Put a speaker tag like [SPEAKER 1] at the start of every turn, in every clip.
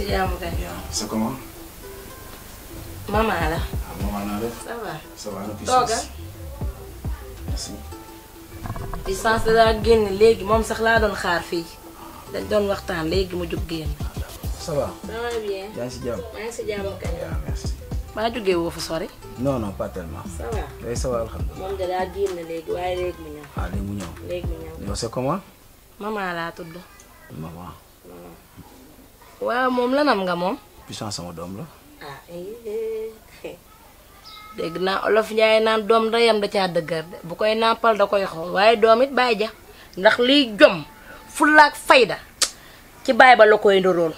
[SPEAKER 1] si jàmm kay. sa comment. maman la. ah maman naa def. ça va ça va tooga. merci. puissance da daa génn léegi moom sax laa doon xaar fii dañ doon waxtaan léegi mu jóg génn. ça va. ça va bien. yaa ngi si jàmm. yaa ngi si jàmm kay. waaw merci. maa jógee woo fa sori.
[SPEAKER 2] non non pas tellement. ça va day ça va alhamdulilah.
[SPEAKER 1] moom da daa génn léegi waaye léegi mu ñëw. ah léegi mu ñëw. léegi mu ñëw. yow c'est comment. maman laa tudd. maman. waaw moom nam nga moom
[SPEAKER 2] puissance sama dom la
[SPEAKER 1] ah iya. dégg naa olof njaay naan doom ndeyam da caa dëgër de bu koy nàmpal da koy xool waaye doom it ja ndax liy jom fulaak fayda ci bàyyi ba la koy ndorool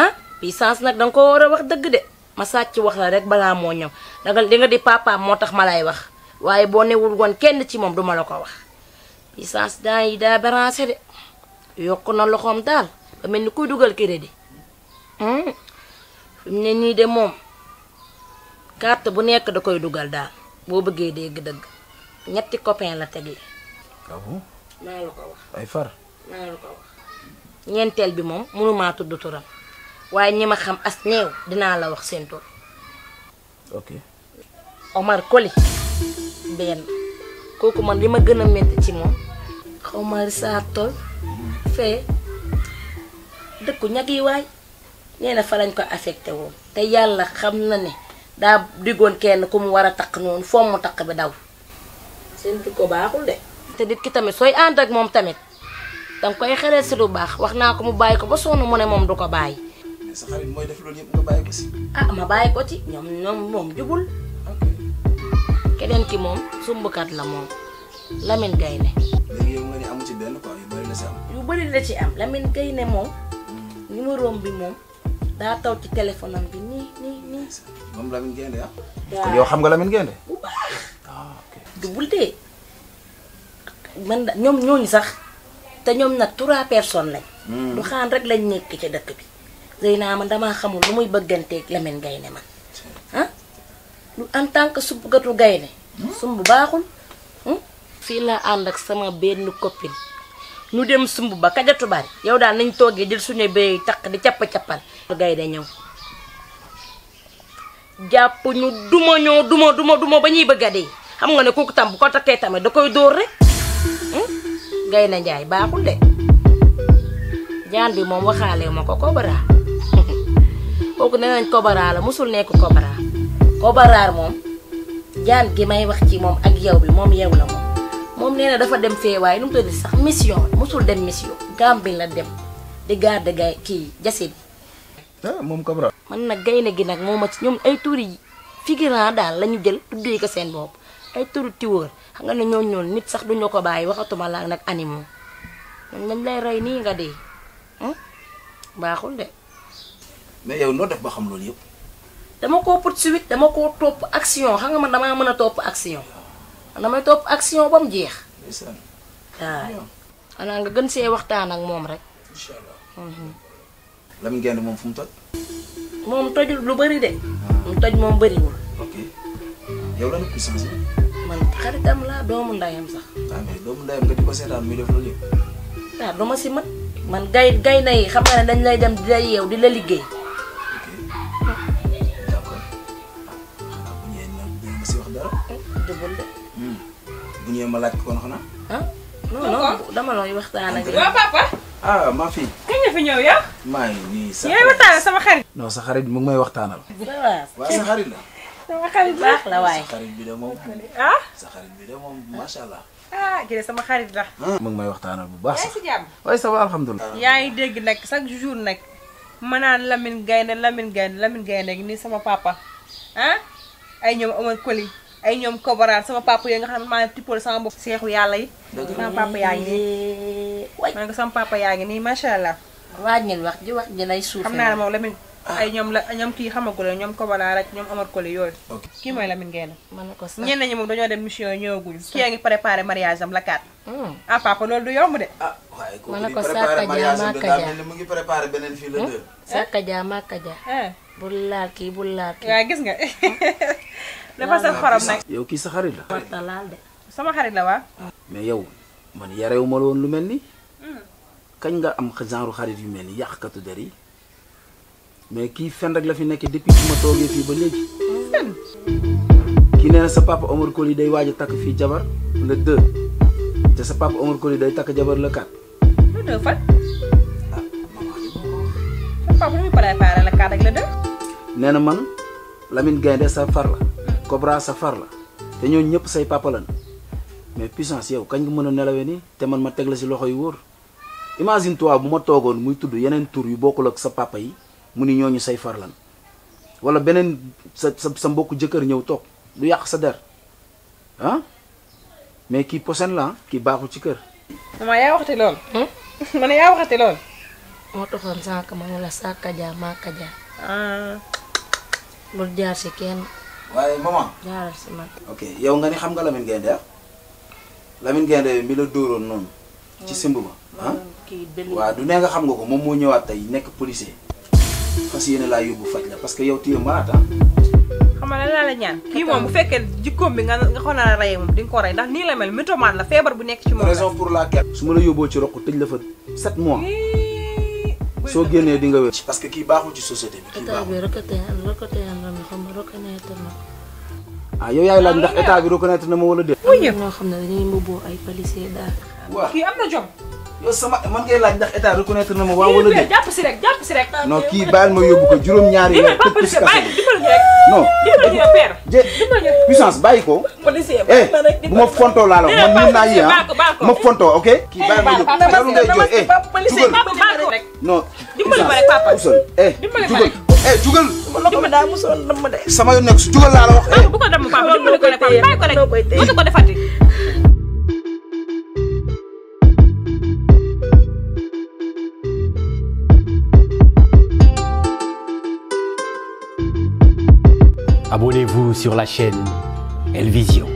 [SPEAKER 1] ah puissance nag danga ko war wax dëgg de ma sàcc wax la rek di nga di papa moo tax wax waaye boo newul woon kenn ci moom duma la ko wax puissance yi de yokk na loxom dal ba melni kuy dugal crédit fi mu ñi de mom carte bu nekk da koy dugal dal bo bëggé dégg-dëgg ñetti copain la tegee.
[SPEAKER 2] ah bon. maa la ko wax. ay far.
[SPEAKER 1] na la ko wax. ñentel bi mënu ma tuddu turam waye ñima xam as neew dina la wax seen tour ok. Omar Koli ben koku man lima gëna metti ci mom xaw sa Rissa fee dëkku ñag yi waay nee fa lañ ko affecté woon te yàlla xam na ne daa diggoon kenn ku mu war a takk noonu foom mu takk bi daw seen jikko baaxul de te nit ki tamit sooy ànd ak moom tamit danga koy xelal si lu baax wax naa ko mu bàyyi ko ba sonn mu ne moom du ko bàyyi
[SPEAKER 2] sa xarit bàyyi ko
[SPEAKER 1] ah ma bàyyi ko ci ñoom ñoom moom jubul keneen ki moom sumbukat la moom Lamine Gaye bëri la ci am Lamine Gueye ne moom bi moom daa taw ci téléphone bi nii nii nii.
[SPEAKER 2] moom Lamine Gueye ah. waaw yow xam nga Lamine Gueye. bu baax
[SPEAKER 1] du bul dee man ñoom ñooñu sax te ñoom nag trois personnes lañ.
[SPEAKER 2] Hmm. du xaan
[SPEAKER 1] rek lañ nekk ci dëkk bi. naa man damaa xamul lu muy bëgganteeg Lamine gaynde ne man hmm. ah lu en tant que subbugatu Gueye ne. Hmm. sumb baaxul. fii laa ànd ak sama benn copin ñu dem sumb ba kajatu bari yow daal nañ toogee jël suñu bay taq di cappa cappal gaynde da ñëw jàpp ñu duma ñoo duma duma duma ba ñuy bëgg a dee xam nga ne kooku tam bu ko takkee tamit da koy dóor rek hmm? gay na njaay baaxul de jaan bi moom waxaale ma ko kobaraa kooku nee nañ kobaraa la mosul nekk kobaraa kobaraa moom jaan gi may wax ci moom ak yaw bi moom yow la mom neena na dafa dem fee waaye nu mu sax mission musul dem mission Gambie la dem di garde gay ki jassid
[SPEAKER 2] bi. ah moom Kabra.
[SPEAKER 1] man nak gayna gi nak moma ma ci ñoom ay tuuri figurant dal lañu jël tuddi ko seen bop ay tuuri tiwor nga na ñoo ñoon nit sax duñu ko bàyyi waxatuma la nak animo ñoom lañ lay rey ni nga hmm baaxul de.
[SPEAKER 2] mais yow no def ba
[SPEAKER 1] xam lool yépp dama koo poursuite dama ko top action xam nga man dama top action damay top action ba jeex. ah, xanaa nga gën see waxtaan ak moom rek. incha allah. Mhm.
[SPEAKER 2] Lamine Gaynde moom fu mu toj.
[SPEAKER 1] lu bari de. mu toj moom bariwul. ok yow lan ku si man xaritam laa doomu ndayam sax.
[SPEAKER 2] waaw ah, doomu ndayam nga di ko seetaan def loolu yëpp.
[SPEAKER 1] waaw ah, du ma si man gay gay na xam nga dañ lay dem di di la liggéey.
[SPEAKER 2] ma laaj ko kon ah, ah, ma fi. ñëw
[SPEAKER 1] sa xarit waxtaanal sama xarit.
[SPEAKER 2] non sa xarit mu ngi may waxtaanal. waaw sa xarit la. sama xarit baax la waaye. sa xarit bi ah? la. mu ngi may bu baax si jàmm. waaye ça va alhamdulilah.
[SPEAKER 1] yaa ngi dégg nag chaque jour nag. ma naan Lamine Gaynde Lamine Gaynde Lamine Gaynde nii sama papa ay ñoom Omar Koli ay ñom ko koboraar sama papa ya nga xam maa tippal sama bopp cheikhou yalla yi sama papa yaa ngi nii nga sama papa yaa ngi nii macha allah wañil wax ji wax ji lay suuf xam naa moom lamin ah. ay ñom la ñoom kii xamagul ko koboraar rek ñom amar ko le yoy ki moy lamine ngeen man ko sax ñenn ñi moom dañoo dem mission ñëwaguñu ki nga préparer mariage am la kaat hmm. ah papa loolu du yomb de ah, man ko sa ka mariage am da
[SPEAKER 2] mel mu ngi préparer benen fi le hmm? deux
[SPEAKER 1] sakka jaa makka jaa bul laal ki bul laal kii waa gis nga hmm? dafa sa xorom nag. sama xarit la wa.
[SPEAKER 2] lu hmm. kan am genre xarit yu mel ni yàqkatu der mais kii fen rek la fi nekk depuis bi ma toogee ba léegi. fen kii sa papa Omar Koli day waaj a takk jabar le 2 te sa papa Omar Koli day takk jabar le 4.
[SPEAKER 1] le 2 papa le 4 ak le
[SPEAKER 2] 2. man Lamine Gaynde sa far la. Kobra sa la te ñoo ñëpp say papa lan mais puissance yow kañ nga mëna nelawé ni té man ma teg la si loxo yu imagine toi bu ma muy tuddu yenen tour yu bokul ak sa papa yi mu ni ñu say far lan wala benen sa sa mbokk jëkër ñew tok du yaq sa der ah mais ki posen la ki baaxu ci kër.
[SPEAKER 1] dama yaa waxati lool. mané yaa waxati lool. moo ma la sàkka jaa ma ka ah jaar ci kenn waaye maman jaaral si man
[SPEAKER 2] ok yow nga ni xam nga Lamine Gaynde ah Lamine Gaynde mi la dóoroon noonu ci simb ba ah waaw du nee nga xam nga ko moom moo ñëwaat tey nekk policier fas yéene laa yóbbu faj la parce que yow téye malade
[SPEAKER 1] xam nga lan la ñaan kii moom bu fekkee jikkoom bi nga nga xaw la rey moom di ko rey ndax nii la mel mythomane la feebar bu nekk ci moom raison pour
[SPEAKER 2] laquelle su ma la yóbboo ci roq tëj la fa sept mois soo génnee di nga wér. parce que kii baaxu ci société bi.
[SPEAKER 1] kii baaxul état bi
[SPEAKER 2] ah yow yaay laaj ah, ndax état bi reconnaître na ma wala déet. muy
[SPEAKER 1] ñëpp xam ne dañuy mbubboo ay policier daal. kii am na jom. yow sama
[SPEAKER 2] man ngay laaj ndax état reconnaître na ma waaw wala déet jàpp
[SPEAKER 1] si rek jàpp si rek. non kii bàyyil ma
[SPEAKER 2] yóbbu ko juróom-ñaari. yow tëj si kaso bi non puissance bàyyi ko. eh bu ma fontoo laa la eh, man mën naa yi ah ma fontoo ok. Eh, kii bàyyi ma yóbbu jarul ngay jooy eh, eh jugal non puissance eh
[SPEAKER 1] jugal eh jugal. sama yoon nekk su jugal laa la wax eh. sur la chaîne L-VISION.